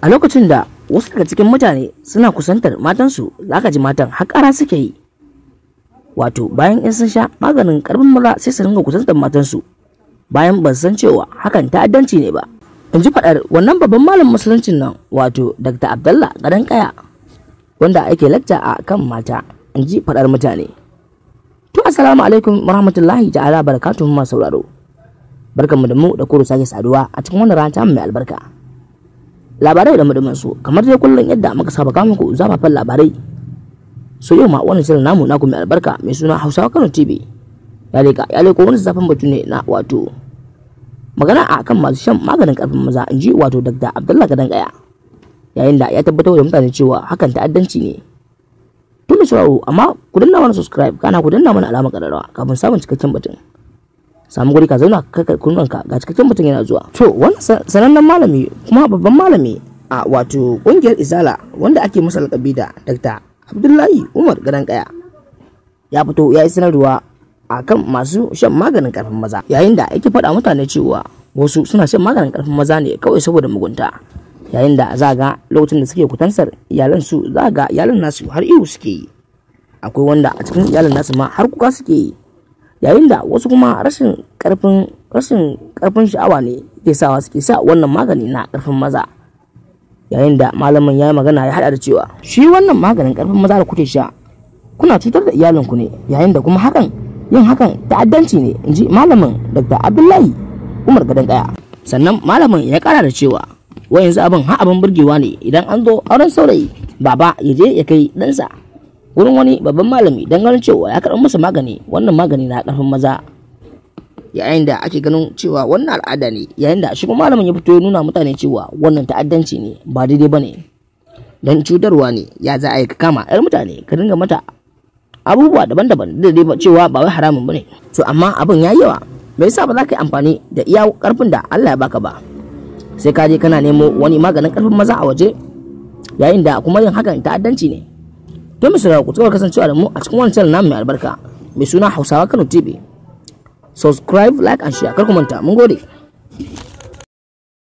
a lokacin da wasu daga cikin mutane suna kusantar matansu za ka ji matan haƙara suke yi wato bayan in sun sha maganin karfin mura sai su ringa kusantar matansu bayan ban san cewa hakan ta'addanci ne ba in ji faɗar wannan babban malam Musulunci nan wato dr abdallah gadan kaya wanda ake lacca a kan mata in ji faɗar mutane to assalamu alaikum warahmatullahi ta'ala barakatuhu masu sauraro barkanmu da mu da kuro sake saduwa a cikin wani ranta mai albarka labarai da mudumin su kamar dai kullum yadda muka saba za ku zafafan labarai so yau ma wannan shirin namu naku mai albarka mai suna hausawa kano tv ya leka ya leko wani zafin batu ne na wato magana a kan masu shan maganin karfin maza in ji wato dr abdullah gadan kaya yayin da ya tabbatar da mutane cewa hakan ta'addanci ne tun da amma ku danna mana subscribe kana ku danna mana alamar kararrawa kafin samun cikakken batun samu guri ka zauna ka kunnuwan ka ga cikakken mutum yana zuwa to wannan sanannen malami kuma babban malami a wato kungiyar izala wanda ake masa lakabi da dr abdullahi umar gadan kaya ya fito ya yi sanarwa akan masu shan maganin karfin maza yayin da yake faɗa mutane cewa wasu suna shan maganin karfin maza ne kawai saboda mugunta yayin da za ga lokacin da suke kutansar iyalan su za ga iyalan nasu har ihu suke yi akwai wanda a cikin iyalan nasu ma har kuka suke yi yayin da wasu kuma rashin karfin rashin karfin sha'awa ne ke sawa suke sa wannan magani na karfin maza yayin da malamin ya yi magana ya haɗa da cewa shi wannan maganin karfin maza da kuke sha kuna cutar da iyalinku ne yayin da kuma hakan yin hakan ta'addanci ne in ji malamin dr abdullahi umar gadon kaya sannan malamin ya kara da cewa wayanzu abin ha abin burgewa ne idan an zo auren saurayi baba ya je ya kai ɗansa wurin wani babban malami don ganin cewa ya karɓi masa magani wannan magani na ƙarfin maza yayin da ake ganin cewa wannan al'ada ne yayin da shi kuma malamin ya fito ya nuna mutane cewa wannan ta'addanci ne ba daidai ba ne don cutarwa ne ya za a yi kama 'yar mutane ka dinga mata abubuwa daban-daban da dai cewa ba wai haramun ne. to amma abin ya yawa me yasa ba za ka yi amfani da iya karfin da Allah ya baka ba sai ka je kana nemo wani maganin karfin maza a waje yayin da kuma yin hakan ta'addanci ne don mu ku tsawar kasancewa da mu a cikin wancan channel namu mai albarka mai suna hausawa kano tv subscribe like and share kar ku manta mun gode